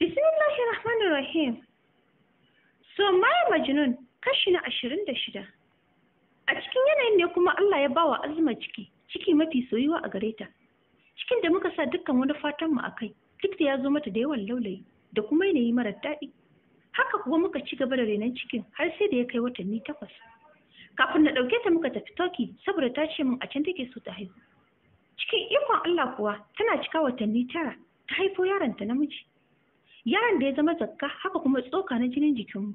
Bismillahir Rahmanir Rahim. So Maya Majnun kashi na ashirin da shida. A cikin yanayin ne kuma Allah ya bawa azuma ciki, ciki mafi soyuwa a gare ta. Cikin da muka sa dukkan wani fatan mu akai, duk da ya zo mata da yawan laulayi da kuma yanayi mara daɗi. Haka kuma muka ci gaba da renon cikin har sai da ya kai watanni takwas. Kafin na ɗauke ta muka tafi Toki saboda ta ce min a can take so ta haihu. Cikin ikon Allah kuwa tana cika watanni tara ta haifo yaronta namiji. yaron da ya zama zakka haka kuma tsoka na jinin jikin mu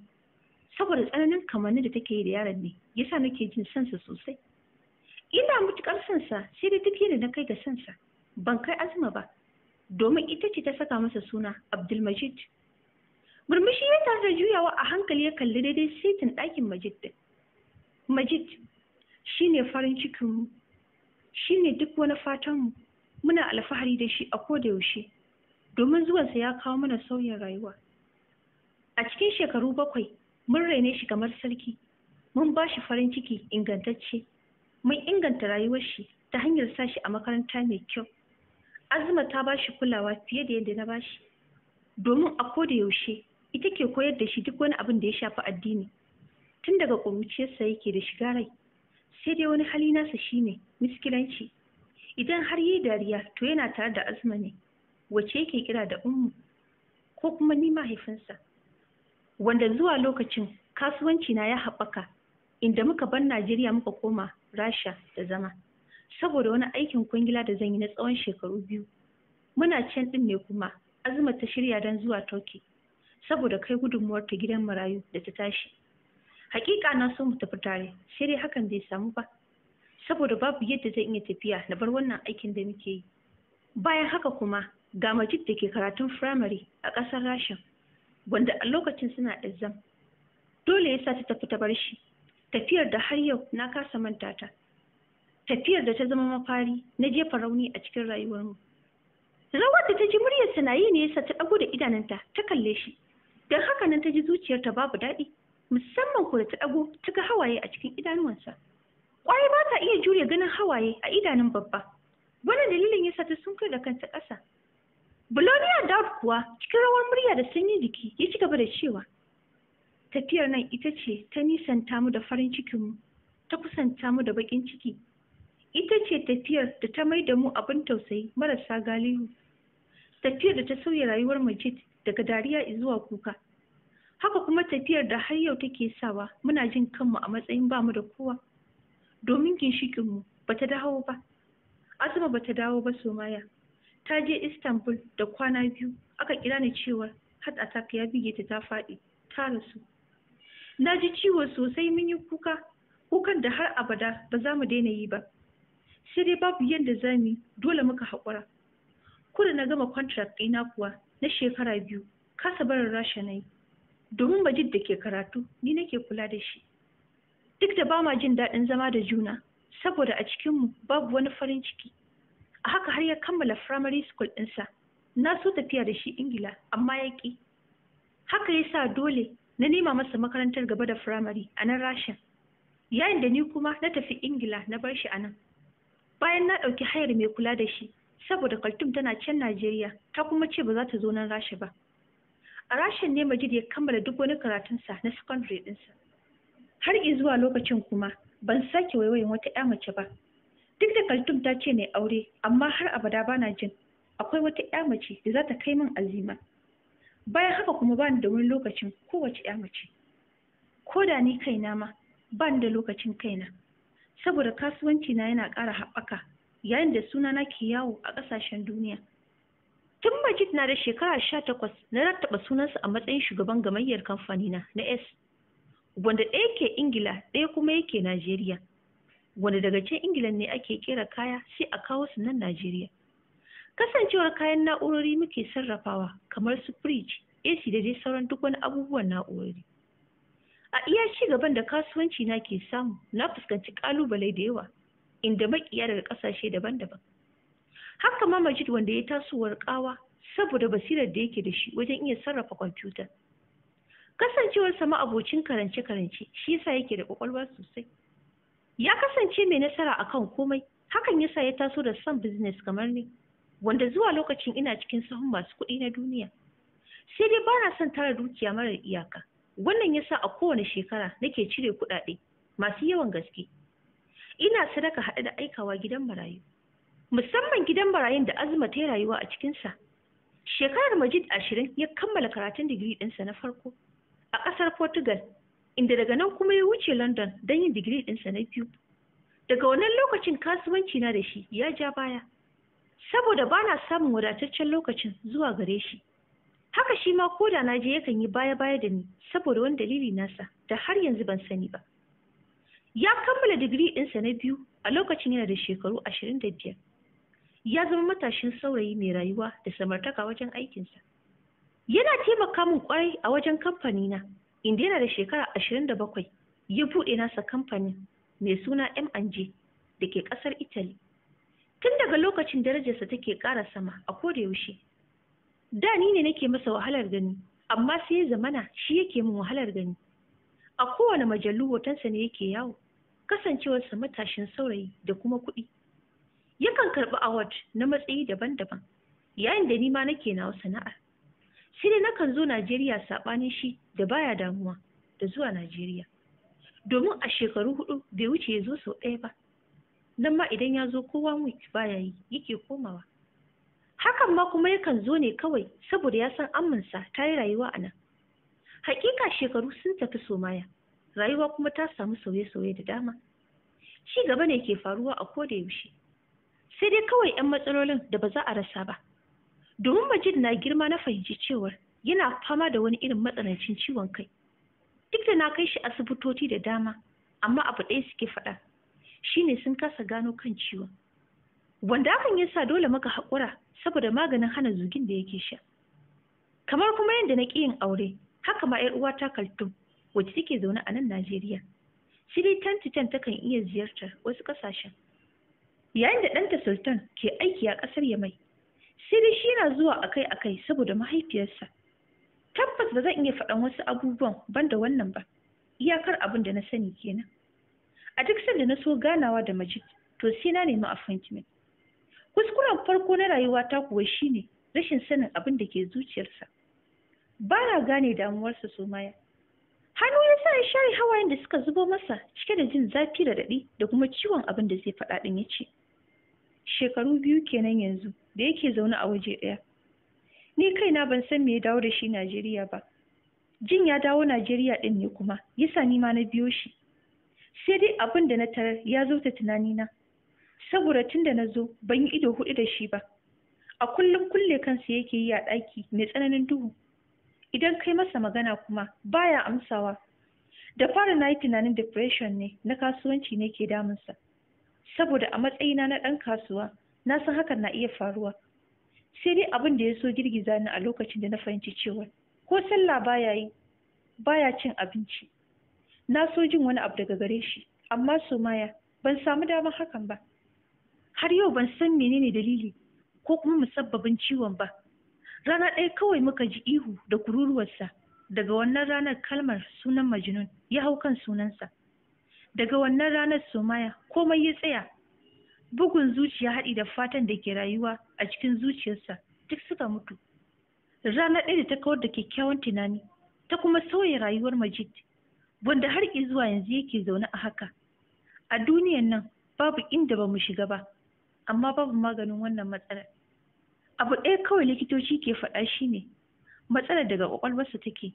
saboda tsananin kamanni da take yi da yaron ne yasa nake jin sansa sosai ina mutukar sansa sai da duk yadda na kai ga sansa ban kai azuma ba domin ita ce ta saka masa suna abdulmajid murmushi ya tare da juyawa a hankali ya kalli daidai saitin ɗakin majid din majid shine farin cikinmu shine duk wani fatanmu muna alfahari da shi a koda yaushe domin zuwansa ya kawo mana sauyin rayuwa a cikin shekaru bakwai mun raine shi kamar sarki mun ba shi farin ciki ingantacce mun inganta rayuwar shi ta hanyar sa shi a makaranta mai kyau azuma ta ba shi kulawa fiye da yadda na ba shi domin a koda yaushe ita ke koyar da shi duk wani abin da ya shafi addini tun daga ƙuruciyarsa yake da shiga rai sai dai wani hali nasa shine miskilanci idan har yi dariya to yana tare da azuma ne wace yake kira da ummu ko kuma ni mahaifinsa wanda zuwa lokacin kasuwanci na ya haɓaka inda muka bar Najeriya muka koma Rasha da zama saboda wani aikin kwangila da zan yi na tsawon shekaru biyu muna can ɗin ne kuma azuma ta shirya don zuwa Turkey saboda kai gudunmuwar ta gidan marayu da ta tashi hakika na so mu tafi tare sai dai hakan bai samu ba saboda babu yadda zan iya tafiya na bar wannan aikin da muke yi bayan haka kuma ga majid da ke karatun firamare a ƙasar rasha wanda a lokacin suna exam dole ya sa ta tafi ta bar shi tafiyar da har yau na kasa manta ta tafiyar da ta zama mafari na jefa rauni a cikin rayuwar mu rawar da ta ji muryar na yi ne yasa ta ɗago da idanunta ta kalle shi don haka nan ta ji zuciyarta babu daɗi musamman ko da ta ɗago ta ga hawaye a cikin idanuwansa ƙwarai ba ta iya jure ganin hawaye a idanun babba wannan dalilin yasa ta sunkar da kanta ƙasa Bologna da kuwa cikin rawar murya da sanyin jiki ya ci gaba da cewa tafiyar nan ita ce ta nisanta mu da farin cikinmu ta kusanta mu da baƙin ciki ita ce tafiyar da ta mai da mu abin tausayi marasa galihu tafiyar da ta sauya rayuwar majid daga dariya zuwa kuka haka kuma tafiyar da har yau take sawa muna jin kanmu a matsayin bamu da kowa domin ginshikinmu bata dawo ba azuma bata dawo ba somaya ta je Istanbul da kwana biyu aka kira ni cewa heart attack ya bige ta ta faɗi ta rasu na ji ciwo sosai mun yi kuka kukan da har abada ba za mu daina yi ba sai dai babu yadda za mu dole muka haƙura kuda na gama contract ɗina kuwa na shekara biyu kasa barin rasha na yi domin Majid da ke karatu ni nake kula da shi duk da ba ma jin daɗin zama da juna saboda a cikinmu babu wani farin ciki haka har ya kammala primary school ɗinsa na so tafiya da shi ingila amma ya ƙi haka ya sa dole na nema masa makarantar gaba da firamare a nan rashin yayin da ni kuma na tafi ingila na bar shi a nan bayan na ɗauki hayar mai kula da shi saboda kaltum tana can najeriya ta kuma ce ba za ta zo nan rasha ba a rashin ne majid ya kammala duk wani karatunsa na secondary ɗinsa har zuwa lokacin kuma ban sake waiwayin wata 'ya mace ba duk da kaltum ta ce ne aure amma har abada bana jin akwai wata ya mace da za ta kai min azima bayan haka kuma ba ni da wani lokacin kowace ya mace ko da ni kaina ma ni da lokacin kaina saboda kasuwanci na yana ƙara haɓaka yayin da sunana ke yawo a ƙasashen duniya tun majid na da shekara sha takwas na rattaba sunansa a matsayin shugaban gamayyar kamfanina na s wanda ɗaya ke ingila ɗaya kuma yake najeriya wanda daga can Ingila ne ake kera kaya sai a kawo su nan Najeriya. Kasancewar kayan na'urori muke sarrafawa kamar su fridge, AC da dai sauran duk wani abubuwan na'urori. A iya ci gaban da kasuwanci na ke samu na fuskanci kalubale da yawa inda makiya daga kasashe daban-daban. Haka ma Majid wanda ya tasowar kawa saboda basirar da yake da shi wajen iya sarrafa kwamfuta. Kasancewar sama abocin karance-karance shi yasa yake da kwakwalwa sosai. ya kasance mai nasara akan komai hakan yasa ya taso da son business kamar ni wanda zuwa lokacin ina cikin sahun masu kuɗi na duniya sai dai bana son tara dukiya mara iyaka wannan yasa a kowane shekara nake cire kuɗaɗe masu yawan gaske ina sadaka haɗe da aikawa gidan marayu musamman gidan marayun da azuma ta yi rayuwa a cikinsa shekarar majid ashirin ya kammala karatun digiri ɗinsa na farko a ƙasar portugal inda daga nan kuma ya wuce London don yin digiri ɗinsa na biyu. Daga wannan lokacin kasuwanci na da shi ya ja baya, saboda bana samun wadataccen lokacin zuwa gare shi. Haka shi ma ko na je yakan yi baya-baya da ni saboda wani dalili nasa da har yanzu ban sani ba. Ya kammala digiri ɗinsa na biyu a lokacin yana da shekaru ashirin da biyar. Ya zama matashin saurayi mai rayuwa da samartaka wajen aikinsa. Yana taimaka min kwarai a wajen kamfanina inda yana da shekara ashirin da bakwai ya buɗe nasa kamfanin mai suna M&J da ke ƙasar Italy. Tun daga lokacin darajarsa take ƙara sama a koda yaushe. Da ni ne nake masa wahalar gani, amma sai ya zamana shi yake min wahalar gani. A kowane majallu hotonsa ne yake yawo, kasancewarsa matashin saurayi da kuma kuɗi. Yakan karɓi award na matsayi daban-daban, yayin da ni ma nake nawa sana'ar. sai dai nakan zo Najeriya saɓanin shi da baya damuwa da zuwa Najeriya. Domin a shekaru hudu bai wuce ya zo sau ɗaya ba. Nan ma idan ya zo kowa week baya yi yake komawa. Hakan ma kuma yakan zo ne kawai saboda ya san amminsa ta yi rayuwa a nan. Hakika shekaru sun tafi somaya, rayuwa kuma ta samu sauye-sauye da dama. Ci gaba ne ke faruwa a koda yaushe. Sai dai kawai 'yan matsalolin da ba za a rasa ba. domin Majid na girma na fahimci cewar yana fama da wani irin matsanancin ciwon kai. Duk da na kai shi asibitoci da dama, amma abu ɗaya suke faɗa, shine sun kasa gano kan ciwon. Wanda hakan ya sa dole maka haƙura saboda maganin hana zugin da yake sha. Kamar kuma yadda na ƙi yin aure, haka ma 'yar uwata Kaltum, wacce take zaune a nan Najeriya. Shi dai ta kan iya ziyartar wasu ƙasashen. Yayin da ɗanta Sultan ke aiki a ƙasar Yamai, sai dai shi yana zuwa akai-akai saboda mahaifiyarsa tabbas ba zan iya faɗan wasu abubuwan banda wannan ba iyakar abin da na sani kenan a duk sanda na so ganawa da majid to sai na nemi appointment kuskuren farko na rayuwa ta kuwa shine rashin sanin abin da ke zuciyarsa ba na gane damuwarsa somaya hannu ya sa ya share hawayen da suka zubo masa cike da jin zafi da daɗi da kuma ciwon abin da zai faɗa ɗin ya ce shekaru biyu kenan yanzu da yake zaune a waje ɗaya ni kaina ban san me ya dawo da shi najeriya ba jin ya dawo najeriya ɗin ne kuma yasa ni ma na biyo shi sai dai abin da na tarar ya zo ta tunani na. saboda tun da na zo ban yi ido hudu da shi ba a kullum kulle kansa yake yi a ɗaki mai tsananin duhu idan kai masa magana kuma baya amsawa da fara na yi tunanin depression ne na kasuwanci ne ke damunsa saboda a matsayina na ɗan kasuwa na san hakan na iya faruwa sai dai abin da ya so girgiza ni a lokacin da na fahimci cewa ko sallah baya yi baya cin abinci na so jin wani abu daga gare shi amma maya. ban samu damar hakan ba har yau ban san menene dalili ko kuma musabbabin ciwon ba rana ɗaya kawai muka ji ihu da kururuwarsa daga wannan ranar kalmar sunan majinun ya hau kan sunansa daga wannan ranar somaya komai ya tsaya bugun zuciya haɗi da fatan da ke rayuwa a cikin zuciyarsa duk suka mutu rana ɗaya da ta kawar da kyakkyawan tunani ta kuma sauya rayuwar majid wanda har zuwa yanzu yake zaune a haka a duniyan nan babu inda ba mu shiga ba amma babu maganin wannan matsalar abu ɗaya kawai likitoci ke faɗa shine matsalar daga ƙwaƙwalwarsa take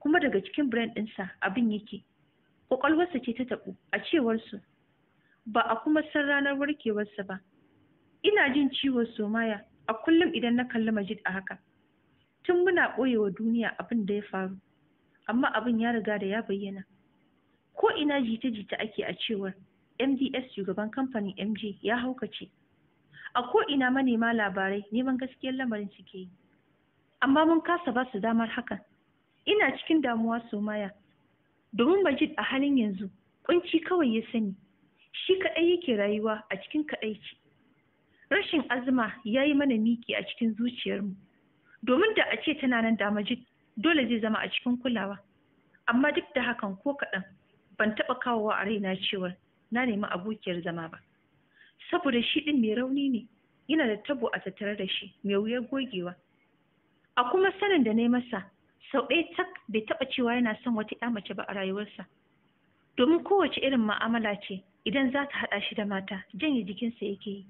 kuma daga cikin brain ɗinsa abin yake kwakwalwarsa ce ta taɓu a cewarsu ba a kuma san ranar warkewarsa ba ina jin ciwon somaya a kullum idan na kalli majid a haka tun muna ɓoyewa duniya abin da ya faru amma abin ya riga da ya bayyana ko ina jita-jita ake a cewar mds shugaban kamfanin mj ya haukace a ko ina manema labarai neman gaskiyar lamarin suke yi amma mun kasa ba su damar hakan ina cikin damuwa somaya domin Majid a halin yanzu kunci kawai ya sani shi kaɗai yake rayuwa a cikin kaɗaici rashin azuma ya yi mana miki a cikin zuciyarmu domin da a ce tana nan da Majid dole zai zama a cikin kulawa amma duk da hakan ko kaɗan ban taɓa kawowa a raina cewar na nemi abokiyar zama ba saboda shi ɗin mai rauni ne yana da tabo a tattare da shi mai wuyar gogewa a kuma sanin da na yi masa sau ɗaya tak bai taɓa cewa yana son wata ƴa mace ba a rayuwarsa domin kowace irin ma'amala ce idan za ta haɗa shi da mata janye jikinsa yake yi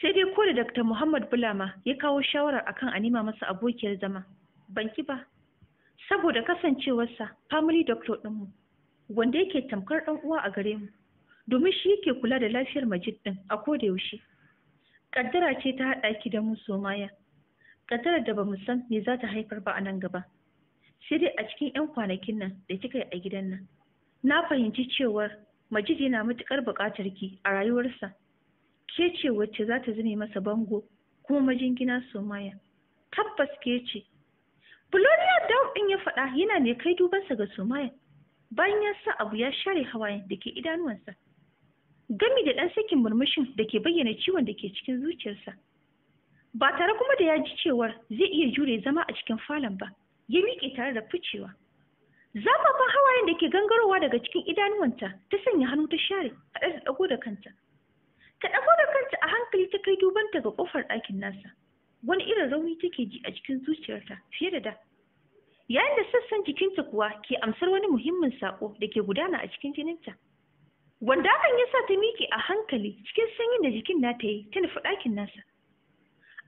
sai dai ko da dr muhammad bulama ya kawo shawarar akan a nema masa abokiyar zama banki ba saboda kasancewarsa family doctor ɗinmu wanda yake tamkar ɗan uwa a gare mu domin shi yake kula da lafiyar majid ɗin a koda yaushe kaddara ce ta haɗa ki da mu somaya Kaddara da bamu san me za ta haifar ba a nan gaba sai dai a cikin 'yan kwanakin nan da kika yi a gidan nan na fahimci cewar majiji yana matuƙar buƙatar ki a rayuwarsa ke ce wacce za ta zame masa bango kuma majingina somaya tabbas ke ce Florian Daud ɗin ya faɗa yana ne kai dubansa ga somaya bayan ya sa abu ya share hawayen da ke idanuwansa gami da ɗan sakin murmushin da ke bayyana ciwon da ke cikin zuciyarsa ba tare kuma da ya ji cewar zai iya jure zama a cikin falon ba ya miƙe tare da ficewa zafafan hawayen da ke gangarowa daga cikin idanuwanta ta sanya hannu ta share haɗe da ɗago da kanta ta ɗago da kanta a hankali ta kai dubanta ga ƙofar ɗakin nasa wani irin rauni take ji a cikin zuciyarta fiye da da yayin da sassan jikinta kuwa ke amsar wani muhimmin saƙo da ke gudana a cikin jininta wanda hakan ya sa ta miƙe a hankali cikin sanyin da jikin nata yi ta nufi ɗakin nasa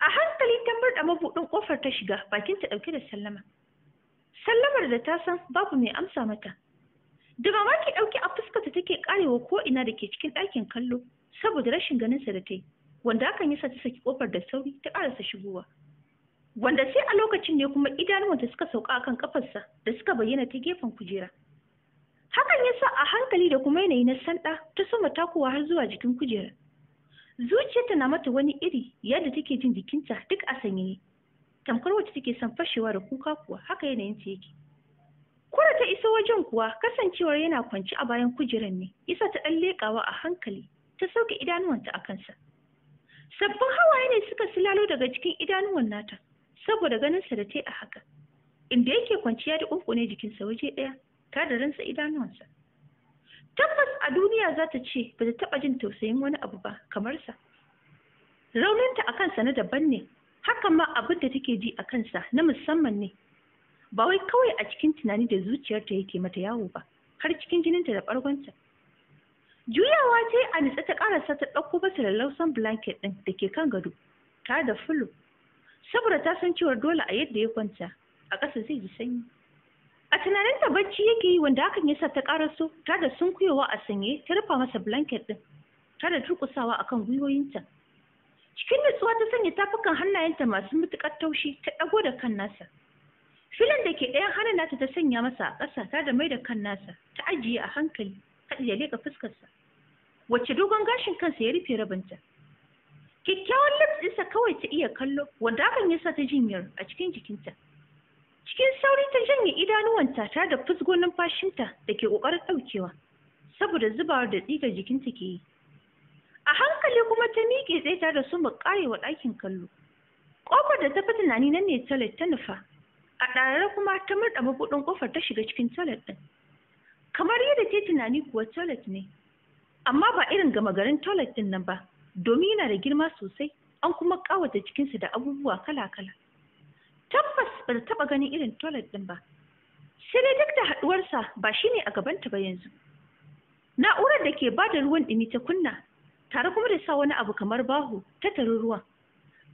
a hankali ta murɗa mabuɗin ƙofar ta shiga bakin ta ɗauke da sallama sallamar da ta san babu mai amsa mata da mamaki ɗauke a fuskarta take karewa ko ina da ke cikin ɗakin kallo saboda rashin ganinsa da ta yi wanda hakan yasa ta saki kofar da sauri ta karasa shigowa wanda sai a lokacin ne kuma idanuwanta suka sauka kan ƙafarsa da suka bayyana ta gefen kujera hakan yasa a hankali da kuma yanayi na sanda ta soma takowa har zuwa jikin kujera zuciyarta na mata wani iri yadda take jin jikinta duk a sanyi. tamkar wacce take son fashewa da kuka kuwa haka yanayin ta yake kura ta isa wajen kuwa kasancewar yana kwanci a bayan kujeran ne isa ta ɗan leƙawa a hankali ta sauke idanuwanta a kansa sabbin hawaye ne suka silalo daga cikin idanuwan nata saboda ganinsa da ta a haka inda yake kwanciya da ne jikinsa waje ɗaya ka da ransa idanuwansa tabbas a duniya za ta ce ba ta taɓa jin tausayin wani abu ba kamar sa rauninta a kansa na daban ne haka ma abin da take ji a kansa na musamman ne ba wai kawai a cikin tunani da zuciyarta yake mata yawo ba har cikin jininta da ɓargonta juyawa ce a nitsa ta karasa ta ɗauko ba da lausan blanket ɗin da ke kan gado tare da fulo saboda ta san cewar dole a yadda ya kwanta a ƙasa zai ji sanyi a tunaninta bacci yake yi wanda hakan ya sa ta karaso ta da sunkuyowa a sanye ta rufa masa blanket ɗin ta da turkusawa akan gwiwoyinta Cikin nutsuwa ta sanya tafukan hannayenta masu matuƙar taushi ta ɗago da kan nasa. Filin da ke ɗayan hannun nata ta sanya masa a ƙasa ta da mai da kan nasa ta ajiye a hankali haɗi da leƙa fuskarsa. Wacce dogon gashin kansa ya rufe rabinta. Kyakkyawan lipsinsa kawai ta iya kallo wanda hakan ya sa ta jinyar a cikin jikinta. Cikin sauri ta janye idanuwanta ta da fusgo numfashinta da ke ƙoƙarin ɗaukewa saboda zubawar da tsigar jikinta ke yi. a hankali kuma ta miƙe zai tare su mu wa ɗakin kallo ƙofar da ta fi tunani nan ne toilet ta nufa a ɗarare kuma ta murɗa mabuɗin ƙofar ta shiga cikin toilet ɗin kamar yadda ta tunani kuwa toilet ne amma ba irin gama garin toilet ɗin nan ba domin yana da girma sosai an kuma ƙawata cikinsa da abubuwa kala-kala tabbas ba ta taɓa ganin irin toilet ɗin ba sai dai duk da haɗuwarsa ba shi ne a gabanta ba yanzu na'urar da ke bada ruwan ɗumi ta kunna tare kuma da sa wani abu kamar bahu ta tarin ruwa.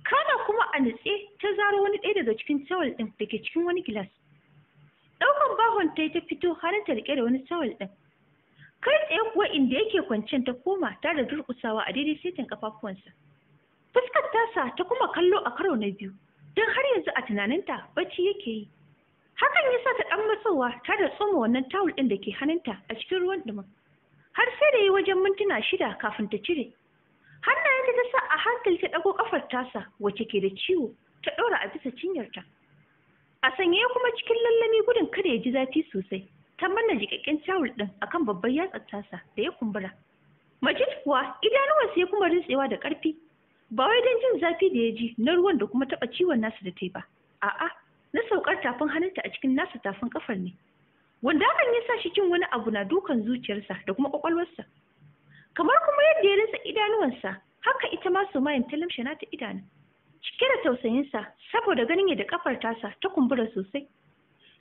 kana kuma a nutse ta zaro wani ɗaya daga cikin tawul ɗin da ke cikin wani gilas ɗaukan bahon ta yi ta fito halin ta riƙe da wani tawul ɗin kai tsaye kuwa inda yake kwancen ta koma ta da durƙusawa a daidai saitin ƙafafuwansa fuskar sa ta kuma kallo a karo na biyu don har yanzu a tunaninta bacci yake yi hakan ya sa ta ɗan matsowa ta da tsoma wannan tawul ɗin da ke hannunta a cikin ruwan ɗumin har sai da yi wajen mintuna shida kafin ta cire hannayenta ta sa a hankali ta ɗago ƙafar tasa wacce ke da ciwo ta ɗora a bisa cinyarta a sanye kuma cikin lallami gudun kada ya ji zafi sosai ta manna jiƙaƙƙen tawul ɗin akan babbar yatsar tasa da ya kumbura majid kuwa idanuwan sai kuma rintsewa da ƙarfi ba wai don jin zafi da ya ji na ruwan da kuma taɓa ciwon nasa da ta ba a'a na saukar tafin hannunta a cikin nasa tafin ƙafar ne wanda hakan ya sa shi jin wani abu na dukan zuciyarsa da kuma kwakwalwarsa kamar kuma yadda ya rinsa idanuwansa haka ita ma sumayin ta lamshe nata idanu cike da tausayinsa saboda ganin ya da kafar tasa ta kumbura sosai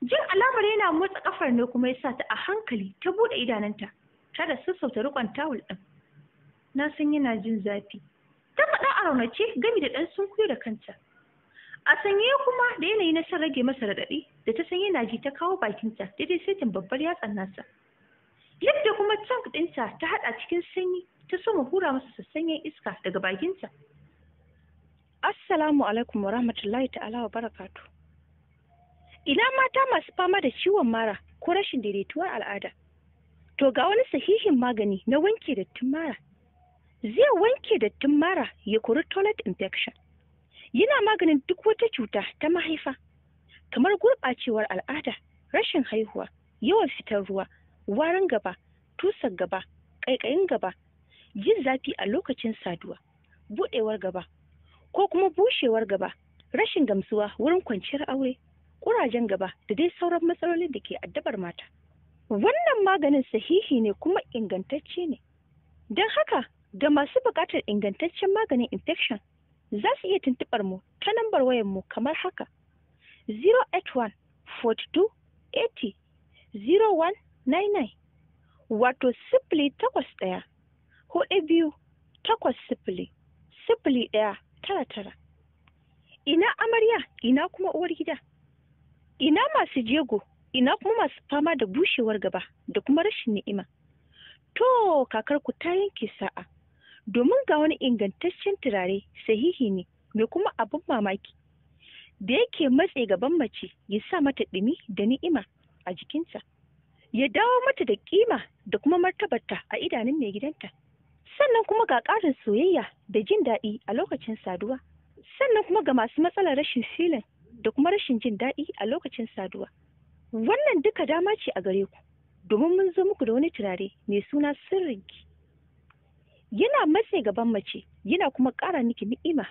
jin alamar yana motsa kafar ne kuma ya sa ta a hankali ta bude idanunta ta da sassauta rikon tawul din na san yana jin zafi ta faɗa a raunace gami da ɗan sunkuyo da kanta a sanye kuma da yanayi na son rage masa raɗaɗi da ta san yana ji ta kawo bakinta daidai saitin babbar yatsan nasa yadda kuma tank ɗinta ta haɗa cikin sanyi ta soma hura masa sassanyen iska daga bakinta assalamu alaikum wa rahmatullahi ta'ala wa barakatu ina mata masu fama da ciwon mara ko rashin daidaituwar al'ada to ga wani sahihin magani na wanke dattin mara zai wanke dattin mara ya kori toilet infection yana maganin duk wata cuta ta mahaifa kamar gurɓacewar al'ada rashin haihuwa yawan fitar ruwa warin gaba tusar gaba ƙaiƙayin gaba jin zafi a lokacin saduwa buɗewar gaba ko kuma bushewar gaba rashin gamsuwa wurin kwanciyar aure ƙurajen gaba da dai sauran matsalolin da ke addabar mata wannan maganin sahihi ne kuma ingantacce ne don haka ga masu buƙatar ingantaccen maganin infection za su iya tuntuɓar mu ta lambar wayar mu kamar haka 081 42 80 0199 wato sifili takwas ɗaya hudu biyu takwas sifili sifili ɗaya tara tara ina amarya ina kuma uwar gida ina masu jego ina kuma masu fama da bushewar gaba da kuma rashin ni'ima to kakarku ta yanke sa'a domin ga wani ingantaccen turare sahihi ne mai kuma abin mamaki da yake matse gaban mace ya sa mata ɗumi da ni'ima a jikinsa ya dawo mata da kima da kuma martabarta a idanun mai gidanta sannan kuma ga ƙarin soyayya da jin daɗi a lokacin saduwa sannan kuma ga masu matsalar rashin filin da kuma rashin jin daɗi a lokacin saduwa wannan duka dama ce a gare ku domin mun zo muku da wani turare mai suna sirrinki yana matse gaban mace yana kuma ƙara miki ni'ima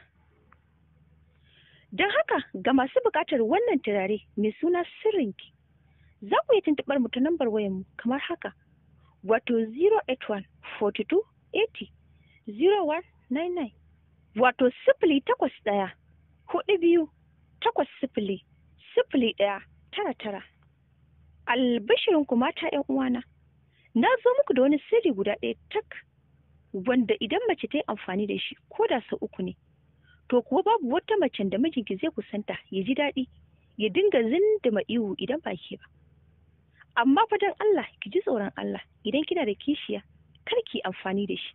Don haka ga masu buƙatar wannan turare mai suna sirrinki za ku iya tuntuɓar mutu ta nambar wayanmu kamar haka wato 081 42 0199 wato sifili takwas ɗaya hudu biyu takwas sifili sifili ɗaya tara tara albishirin ku mata yan uwana na zo muku da wani sirri guda ɗaya tak wanda idan mace ta yi amfani da shi ko da sau uku ne to kuwa babu wata macen da mijinki zai kusanta ya ji daɗi ya dinga zindima ihu idan ba ke ba amma fadan Allah ki ji tsoron Allah idan kina da kishiya kar ki amfani da shi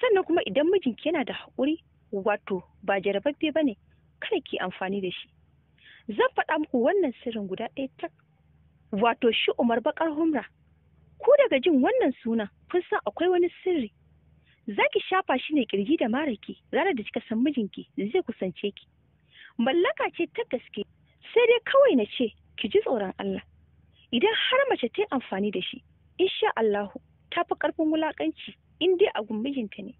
sannan kuma idan mijinki yana da haƙuri wato ba jarababbe bane kar ki amfani da shi zan faɗa muku wannan sirrin guda ɗaya tak wato shi Umar Bakar Humra ku daga jin wannan suna kun san akwai wani sirri zaki shafa shi ne kirji da maraki ranar da kika san mijinki zai kusance ki mallaka ce ta gaske sai dai kawai na ce ki ji tsoron Allah idan har mace ta yi amfani da shi insha Allahu ta fi karfin wulakanci in dai a mijinta ne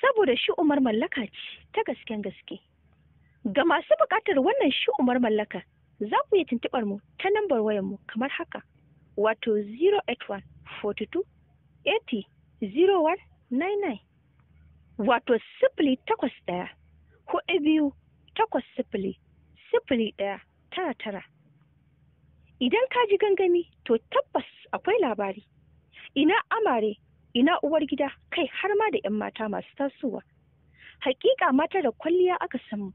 saboda shi umar mallaka ce ta gasken gaske ga masu buƙatar wannan shi umar mallaka za ku iya tuntuɓar mu ta nambar wayar mu kamar haka wato 081 42 80 01 nai wato sifili takwas ɗaya hudu biyu takwas sifili sifili ɗaya tara tara idan ka ji gangami to tabbas akwai labari ina amare ina uwar gida kai har ma da 'yan mata masu tasowa hakika mata da kwalliya aka samu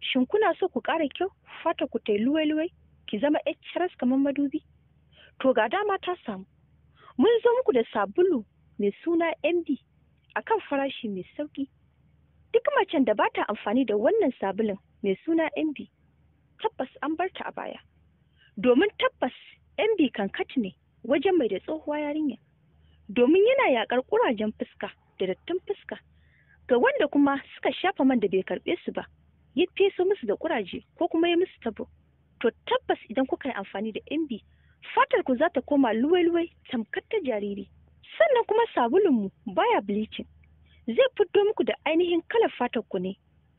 shin kuna so ku ƙara kyau fata ku ta luwai-luwai ki zama HRS kamar madubi to ga dama ta samu mun zo muku da sabulu mai suna MD akan farashi mai sauƙi. Duk macen da ba ta amfani da wannan sabulin mai suna MB tabbas an bar ta a baya. Domin tabbas MB kati ne wajen mai da tsohuwa yarinya. Domin yana yaƙar ƙurajen fuska da dattin fuska ga wanda kuma suka shafa man da bai karɓe su ba ya feso musu da ƙuraje ko kuma ya musu tabo. To tabbas idan kuka yi amfani da MB fatar ku za ta koma luwai-luwai tamkar ta jariri. sannan kuma sabulunmu baya bleaching zai fito muku da ainihin kalar fatar ku ne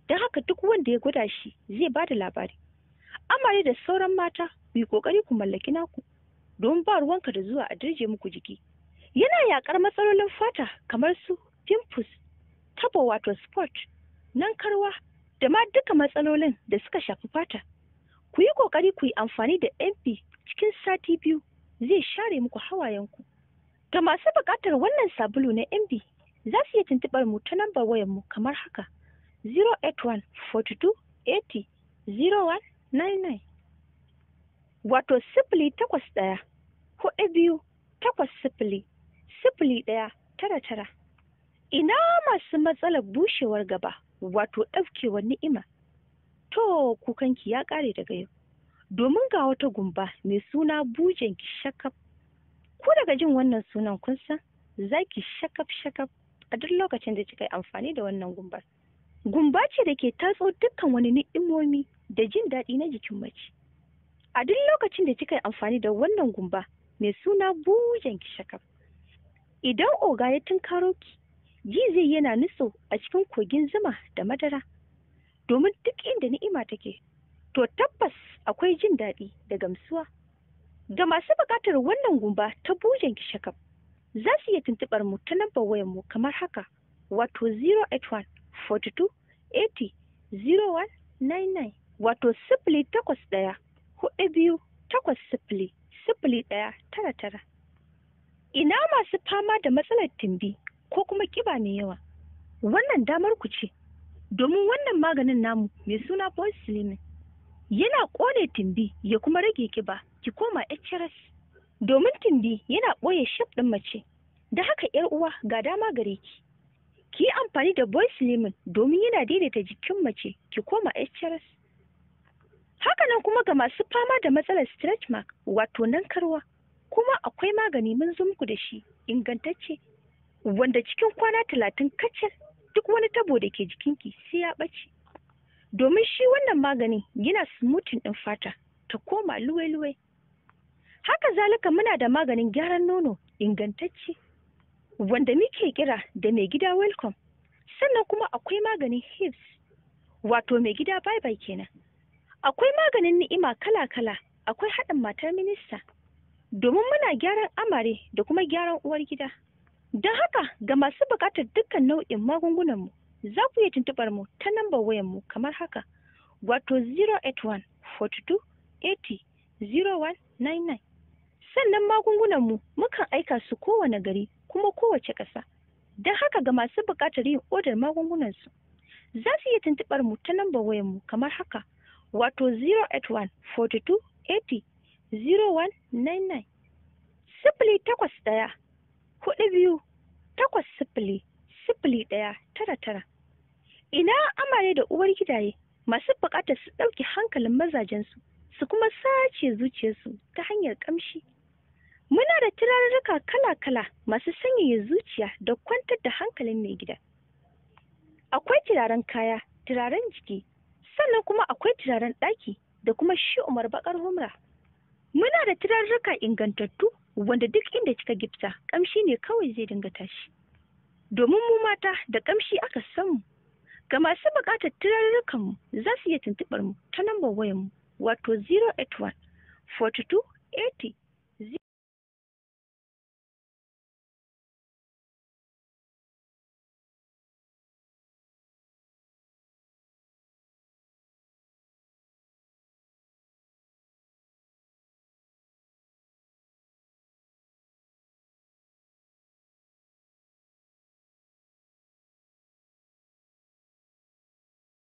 don haka duk wanda ya gwada shi zai ba da labari amare da sauran mata mai ƙoƙari kokari ku mallaki naku don ba ruwanka da zuwa a dirje muku jiki yana yakar matsalolin fata kamar su pimples tabo wato spot nan karwa da ma duka matsalolin da suka shafi fata ku yi kokari ku yi amfani da mp cikin sati biyu zai share muku hawayenku Ga masu buƙatar wannan sabulu na MB za su iya tuntuɓar mu ta nambar wayar kamar haka 081 42 80 99 wato sifili takwas ɗaya hudu biyu takwas sifili sifili ɗaya tara tara ina masu matsalar bushewar gaba wato ɗaukewar ni'ima to kukanki ya ƙare daga yau domin ga wata gumba mai suna bujen ki shakaf ko daga jin wannan sunan kun san zaki shakaf shakaf a duk lokacin da kika yi amfani da wannan gumba. gumba ce da ke tatso dukkan wani ni'imomi da jin daɗi na jikin mace a duk lokacin da kika yi amfani da wannan gumba mai suna bujen ki shakaf idan oga ya tunkaro ki ji zai yana nutso a cikin kogin zuma da madara domin duk inda ni'ima take to tabbas akwai jin daɗi da gamsuwa Ga masu buƙatar wannan gumba ta bujen gishakaf za su iya tuntuɓar mu ta nambar wayar mu kamar haka wato 081 42 80 0199 wato sifili takwas ɗaya hudu biyu takwas sifili ɗaya tara tara. Ina masu fama da matsalar tumbi ko kuma kiba mai yawa. Wannan damar ku ce, domin wannan maganin namu mai suna Boy Slimin yana ƙone tumbi ya kuma rage ƙiba ki koma HRS domin tumbi yana ɓoye shaf ɗin mace da haka yar uwa ga dama gare ki ki yi amfani da boys slimin domin yana daidaita jikin mace ki koma HRS Haka nan kuma ga masu fama da matsalar stretch mark wato nan karwa kuma akwai magani mun zumku da shi ingantacce wanda cikin kwana talatin kacal duk wani tabo da ke jikinki sai ya ɓace domin shi wannan magani gina smutin ɗin fata ta koma luwai-luwai haka zalika muna da maganin gyaran nono ingantacce wanda muke kira da mai gida welcome sannan kuma akwai maganin hips wato mai gida bye-bye kenan akwai maganin ni'ima kala-kala akwai haɗin matar minista domin muna gyaran amare da kuma gyaran uwar gida don haka ga masu buƙatar dukkan nau'in magungunanmu za ku iya tuntubar mu ta nambar wayan mu kamar haka wato 081 42 80 0199 sannan magungunan mu mukan aika su kowane gari kuma kowace ƙasa don haka ga masu buƙatar yin odar magungunan su za su iya tuntubar mu ta nambar wayan mu kamar haka wato 081 42 80 0199 sifili takwas ɗaya hudu biyu takwas sifili sifili ɗaya tara tara ina amare da uwar gidaye masu buƙatar su ɗauki hankalin mazajensu su kuma sace zuciyarsu ta hanyar ƙamshi muna da tirarraka kala-kala masu sanyaya zuciya da kwantar da hankalin mai gida akwai turaren kaya turaren jiki sannan kuma akwai turaren ɗaki da kuma shi umar bakar humra muna da tirarraka ingantattu wanda duk inda kika gifta ƙamshi ne kawai zai dinga tashi domin mu mata da ƙamshi aka samu Ga masu buƙatar turarrukan za su iya tuntuɓar mu ta lambar wayan mu wato 081 42 80